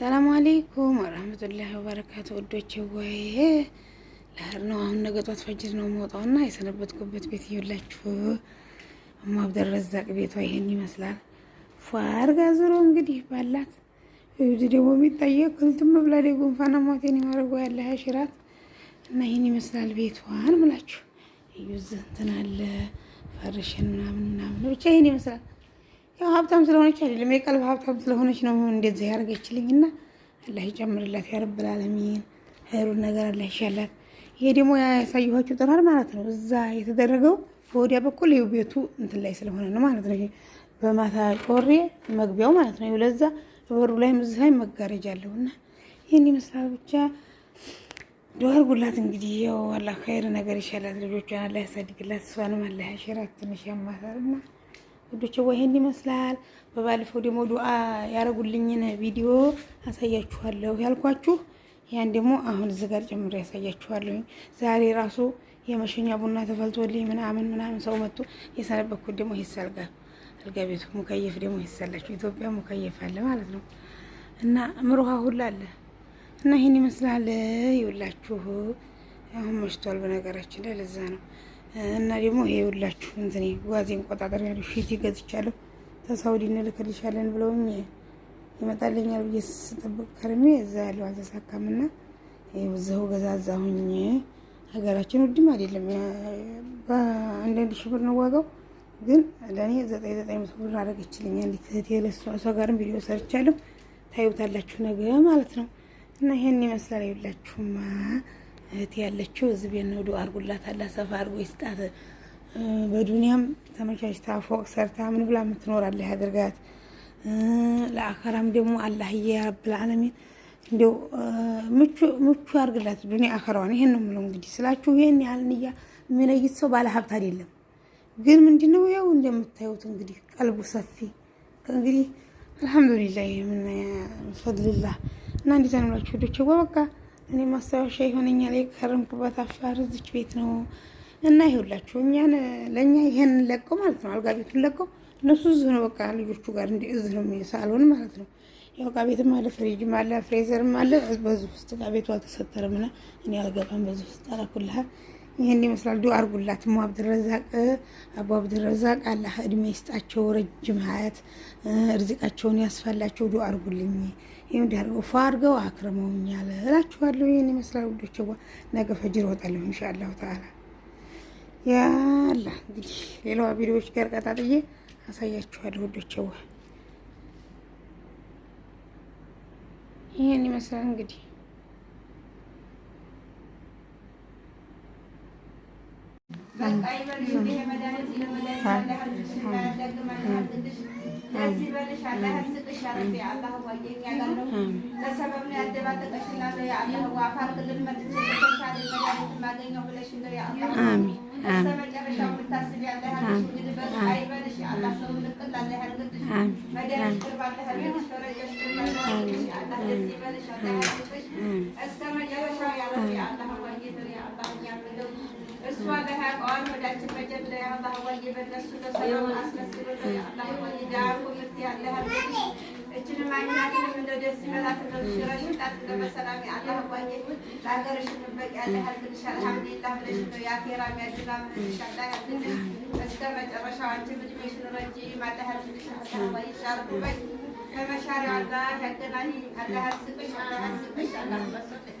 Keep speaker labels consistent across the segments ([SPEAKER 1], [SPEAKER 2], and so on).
[SPEAKER 1] ሰላም አሌይኩም ወረህመቱላሂ ወበረካቱ። ወዶች ወይ ለህር ነው። አሁን ነገ ጧት ፈጅር ነው መውጣው እና የሰነበትኩበት ቤት እየላችሁ እማ አብደረዛቅ ቤቷ ይሄን ይመስላል። ፏርጋ ዞሮ እንግዲህ ባላት እብድ ደግሞ የሚታየው ክልትም ብላ ጉንፋና ሞቴን የማድረጉ ያለ ሽራት እና ይህን ይመስላል ቤቷን ምላችሁ እዩ። ዝንትን አለ ፈርሽን ምናምን ምናምን ብቻ ይህን ይመስላል። ያው ሀብታም ስለሆነች አይደለም የቀልብ ሀብታም ስለሆነች ነው እንደዚህ ያደርገችልኝ እና አላህ ይጨምርላት ያረብል አለሚን ኸይሩን ነገር አላህ ይሻላት። ይሄ ደግሞ ያሳየኋቸው ጥራር ማለት ነው። እዛ የተደረገው በወዲያ በኩል ይኸው ቤቱ እንትን ላይ ስለሆነ ነው ማለት ነው። በማታ ጮሬ መግቢያው ማለት ነው። ለዛ በሩ ላይ ምዝሳይ መጋረጃ አለው እና ይህን ይመስላል ብቻ ድዋር ጉላት እንግዲህ ያው አላህ ኸይር ነገር ይሻላት። ልጆቿን አላህ ያሳድግላት። እሷንም አላህ ያሸራት ትንሽ ያማታል ያማታልና ውዶች ይሄን ይመስላል። በባለፈው ደግሞ ዱአ ያረጉልኝን ቪዲዮ አሳያችኋለሁ ያልኳችሁ ያን ደግሞ አሁን እዚህ ጋር ጨምሬ ያሳያችኋለሁ። ዛሬ ራሱ የመሸኛ ቡና ተፈልቶልኝ ምናምን ምናምን ሰው መጥቶ የሰነበኩት ደግሞ ይሳልጋ አልጋ ቤቱ ሙከየፍ ደግሞ ይሳላችሁ ኢትዮጵያ ሙከየፍ አለ ማለት ነው እና ምሮሃ ሁላ አለ እና ይህን ይመስላል ይውላችሁ። አሁን መሽቷል፣ በነገራችን ላይ ለዛ ነው እና ደግሞ ይሄ ሁላችሁ እንትኔ ጓዜን ቆጣጠር ያለ ሺቲ ገዝቻለሁ። ተሳውዲ እንልክልሻለን ብለውኝ ይመጣልኛል ብዬ ስጠብቅ ከርሜ እዛ ያለው አልተሳካም እና ብዛው ገዛዛሁኝ። ሀገራችን ውድም አይደለም፣ በአንዳንድ ሺህ ብር ነው ዋጋው። ግን ለእኔ ዘጠኝ ዘጠኝ መቶ ብር አደረገችልኛል እህቴ። ሰው ጋርም ቪዲዮ ሰርቻለሁ፣ ታዩታላችሁ ነገ ማለት ነው እና ይሄን ይመስላል ይላችሁማ እህት ያለችው እዚህ ቤት ነው። ዱአ አድርጉላት፣ አላህ ሰፋ አርጎ ይስጣት። በዱኒያም ተመቻችታ ፎቅ ሰርታ ምን ብላ የምትኖር አላህ ያደርጋት። ለአኸራም ደግሞ አላህዬ ረብል ዓለሚን እንዲው ምቹ አርግላት ዱኒያ ዱንያ አኸራዋን። ይሄን ነው የምለው እንግዲህ ስላችሁ። ይሄን ያህል ንያ የሚለይት ሰው ባለ ሀብት አይደለም። ግን ምንድነው ያው እንደምታዩት እንግዲህ ቀልቡ ሰፊ እንግዲህ አልሐምዱሊላህ ምን ፈድልላህ እና እንዲዘንላችሁ ነው ብላችሁ በቃ እኔ ማስታወሻ ይሆነኛል የከረምኩበት አፋር እዚች ቤት ነው እና ይሁላችሁ እኛን ለእኛ ይሄን ለቀው ማለት ነው አልጋ ቤቱን ለቀው እነሱ እዚህ ነው በቃ ልጆቹ ጋር እንዲ እዚህ ነው ሳልሆን ማለት ነው። ያው እቃ ቤትም አለ ፍሪጅም አለ ፍሬዘርም አለ። በዚህ ውስጥ እቃ ቤቱ አልተሰጠርምና እኔ አልገባም በዚህ ውስጥ አላኩልሃል ይህን ይመስላል። ዱ አርጉላት ሞ አብድረዛቅ አቡ አብድረዛቅ አላህ እድሜ ይስጣቸው፣ ረጅም ሀያት እርዚቃቸውን ያስፋላቸው። ዱ አርጉልኝ። ይህ እንዲያርገው ፎ አድርገው አክርመውኛል እላችኋለሁ። ይህን ይመስላል ውዶች። ነገ ፈጅር ወጣለሁ ኢንሻአላሁ ተዓላ ያላ እንግዲህ ሌላዋ ቪዲዮዎች ጋር ቀጣጥዬ አሳያችኋለሁ ውዶች። ይህን ይመስላል እንግዲህ አሜን። አላቀዋል ከመሻሪያ አላህ ያገናኝ አላህ ስቅሽ አላህ ስቅሽ አላህ በስቅሽ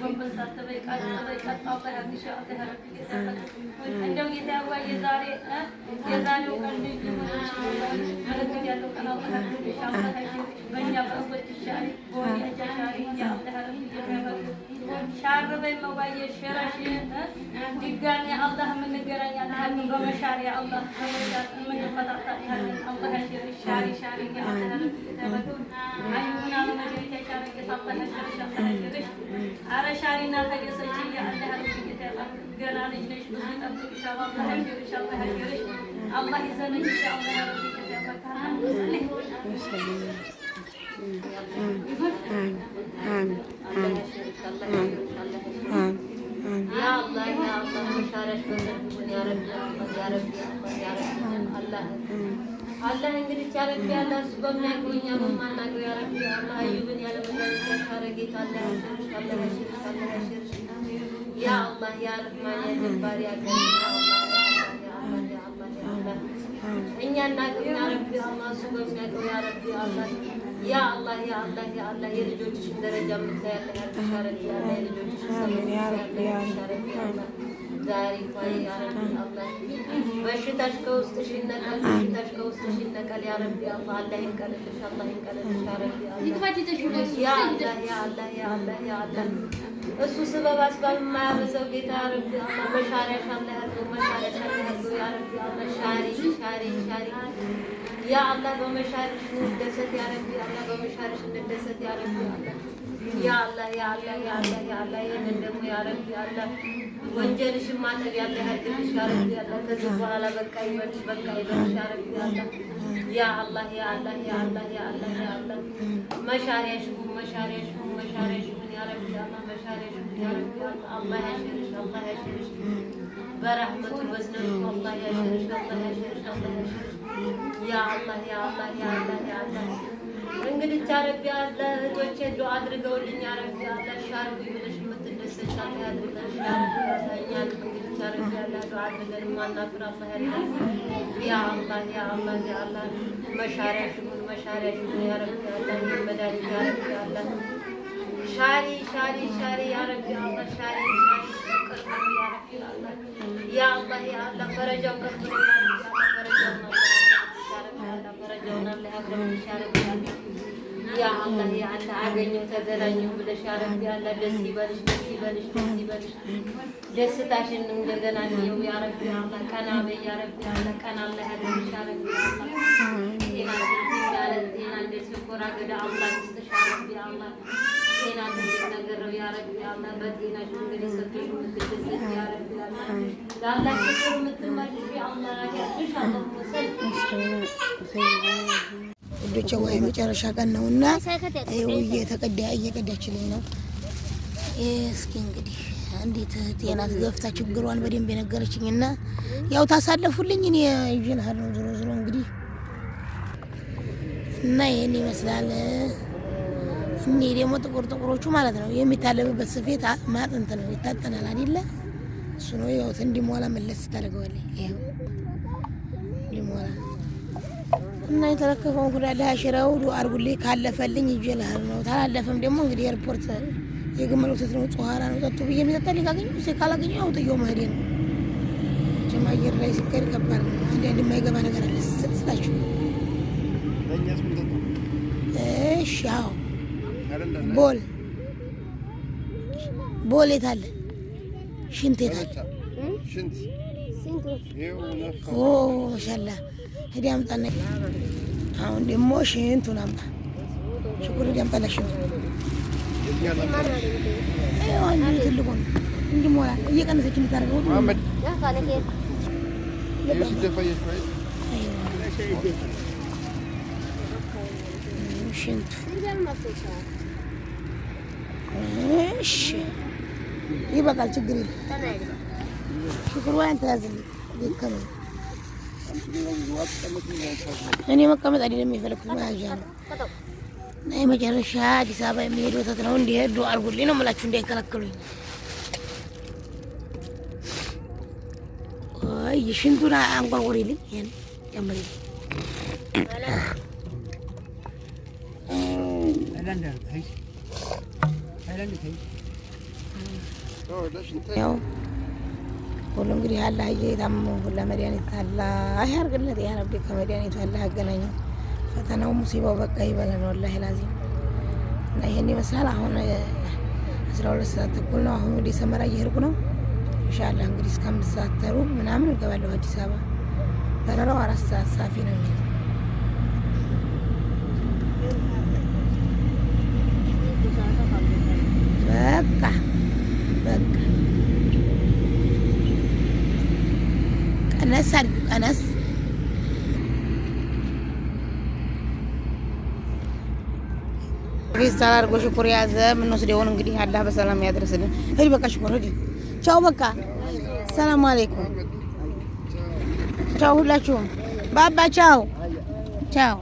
[SPEAKER 1] ጎንበስ አትበይ፣ ቃጭ አትበይ፣ ቀጥ አውጣ፣ ያንሽ አውጣ፣ ያረግ እንደው የዳዋ የዛሬ የዛሬው ቀን ልዩ ሆነች ምልክት ያለው ቀን አውጣ፣ ያንሽ አውጣ፣ በእኛ በእንጎት ይሻሪ ጎን ያጃሻሪ ያውጣ፣ ያረግ የሚያበቁ ሻርበይ መባዬ ሽረሽ ድጋሚ አላህ የምንገናኝ ያህል በመሻር ያ አላህ በመሻር የምንፈታታ ያህል አላህ ሻሪ ሻሪ ያውጣ፣ ያረግ አረሻሪና ተገሰች ያለ ገና ልጅ ነሽ። ብዙ ይጠብቅሻል። አላህ ያገርሽ፣ አላህ አላህ ይዘንሽ። ያለ እሱ በሚያቆኛ በማናገር አላህ Ya Allah ya Rahman ya Cebbar ya Kerim ya Allah ya Allah ya Allah ya Allah. እኛን ናቅም ያ ረቢ አላህ እሱ በሚያውቀው ያ ረቢ አላህ ያ አላህ ያ አላህ ያ አላህ የልጆችሽን ደረጃ የምታያለን ያሻረል ያ የልጆችሽን ሰላም ያሻረል ያ አላህ ዛሬ በሽታሽ ከውስጥሽ ይነቀል፣ በሽታሽ ከውስጥሽ ይነቀል። ያ ረቢ አላህ ይንቀልልሽ፣ አላህ ይንቀልልሽ። እሱ ስበብ አስባብ የማያበዛው ጌታ ያ ረቢ አላህ መሻሪያሽ አላህ ያድርገው፣ መሻሪያሽ አላህ ያድርገው። ያ ረቢ አላህ ሻሪ ሻሪ ያ አላህ በመሻሪሽ እንደሰት፣ ያ ረቢ አላህ በመሻሪሽ እንደሰት፣ ያ ረቢ አላህ ያለ ያለ ያለ ያለ ይሄንን ያለ ወንጀልሽ ማጠብ ያለ በኋላ በቃ ይበልሽ በቃ ይበልሽ ያረግ ያለ ያ አላህ ያ አላህ ያ አላህ ያ በረህመቱ በዝነቱ አላህ ያሽርሽ አላህ ያሽርሽ አላህ ያሽርሽ ያ አላህ ያ አላህ ያ አላህ ያ አላህ እንግዲህ አረቢያ ለእህቶቼ ዶ አድርገውልኝ አረቢያ ለሻርጉ ብለሽ የምትደሰች ያድርገሽ እንግዲህ አረቢያ አድርገን ማናፍራ ሳያለ ያ አላህ ያ አላህ ያ አላህ መሻሪያሽሙን መሻሪያሽሙን ያረቢያ አላህ መድኃኒት ያረቢያ አላህ ሻሪ ሻሪ ሻሪ ያረቢያ ሻሪ ሻሪ ቅርብ ያረቢያ ያ አላህ ያ አላህ ፈረጃው ቅርብ ያረቢያ ፈረጃው ነው ደረጃ ሆናለ አብረሽ ያረጋል ያ አላህ ያ አላህ አገኘው ተገናኘው ብለሽ ያረግ ያለ ደስ ይበልሽ፣ ደስ ይበልሽ፣ ደስ ይበልሽ። ደስታሽን እንደገና ነው ያረግ ያለ ቀና በይ ያረግ ያለ ቀና አላህ አብረሽ ያረግ ጤና ያለ ጤና እንደ ስኮራ ገዳ አምላክ ስትሻረግ ያለ ጤና እንደነገረው ያረግ ያለ በጤናሽ እንግዲህ ሰጥሽ ምትደሰት ያረግ ያለ ላላችሁ የምትመጪ አምላክ ያርግሽ አላህ ወሰል ውዶቼ ውሃ የመጨረሻ ቀን ነው እና እየተቀዳ እየቀዳችልኝ ነው። እስኪ እንግዲህ እንዴት ጤናት ገፍታ ችግሯን በደንብ የነገረችኝ እና ያው ታሳለፉልኝ እኔ ይዤልሀል ነው ዞሮ ዞሮ እንግዲህ እና ይህን ይመስላል። እኔ ደግሞ ጥቁር ጥቁሮቹ ማለት ነው የሚታለብበት ስፌት ማጥንት ነው ይታጠናል አይደለ? እሱ ነው ያው እንዲሞላ መለስ ታደርገዋለህ ይኸው እና የተረከፈውን ጉዳይ ለአሽራው ዱአ አርጉሌ ካለፈልኝ ይጀላል ነው፣ ታላለፈም ደግሞ እንግዲህ ኤርፖርት የግመል ወተት ነው፣ ጽኋራ ነው ጠጡ ብዬ የሚጠጣ ሊካገኙ ሴ ካላገኙ አውጥየው መሄድ ነው። ጀማ አየር ላይ ሲካሄድ ከባድ ነው። አንዳንድ የማይገባ ነገር አለ ስላችሁ። እሺ አዎ፣ ቦል ቦል የት አለ? ሽንት የት አለ? ሽንት ሸላ ሄዲ አምጣና አሁን ደግሞ ሽንቱን አምጣ። ሽኩር ሄዲ አምጣና ሽንቱ ትልቁ እንዲሞላ እየቀነሰች እንድታደርገው ሽንቱ ይበቃል፣ ችግር የለም። ሽኩሩ አንተ ያዝልኝ። እኔ መቀመጥ አይደለም የፈለኩት መያዣ ነው። እና የመጨረሻ አዲስ አበባ የሚሄድ ወተት ነው እንዲሄዱ አድርጉልኝ ነው የምላችሁ፣ እንዳይከለክሉኝ። ቆይ ሽንቱን አንጓጉሪልኝ፣ ይሄን ጨምሪ ያው ሁሉ እንግዲህ አላህዬ የታመሙ ሁላ መድኃኒት አላህ ያርግለት። ያ ረቢ ከመድኃኒቱ አላህ ያገናኘው። ፈተናው ሙሲባው በቃ ይበለን። ወላሂ ላዚም እና ይሄን ይመስላል። አሁን አስራ ሁለት ሰዓት ተኩል ነው። አሁን ወደ ሰመራ እየሄድኩ ነው። እንሻላ እንግዲህ እስከ አምስት ሰዓት ተሩ ምናምን እገባለሁ አዲስ አበባ። በረራው አራት ሰዓት ሳፊ ነው የሚለው በቃ ቀነስ አድርጉ፣ ቀነስ ፌስታል አድርጎ ሽኩር የያዘ የምንወስደውን እንግዲህ አላህ በሰላም ያድርስልን። ሂድ በቃ ሽኩር ሂድ። ቻው በቃ ሰላም አለይኩም። ቻው ሁላችሁም ባባ ቻው ቻው።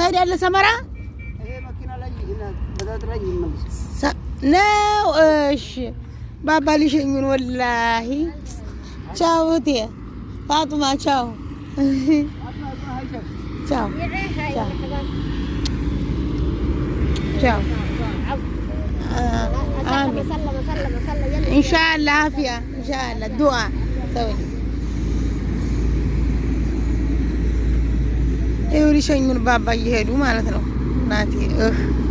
[SPEAKER 1] ትሄዳለህ ሰመራ ነው? እሺ ባባ ሊሸኙን ወላሂ تشاو تي فاطمة تشاو تشاو تشاو إن شاء الله عافية إن شاء الله الدعاء سوي إيه وريشين بابا يهدو مالتنا ناتي أخ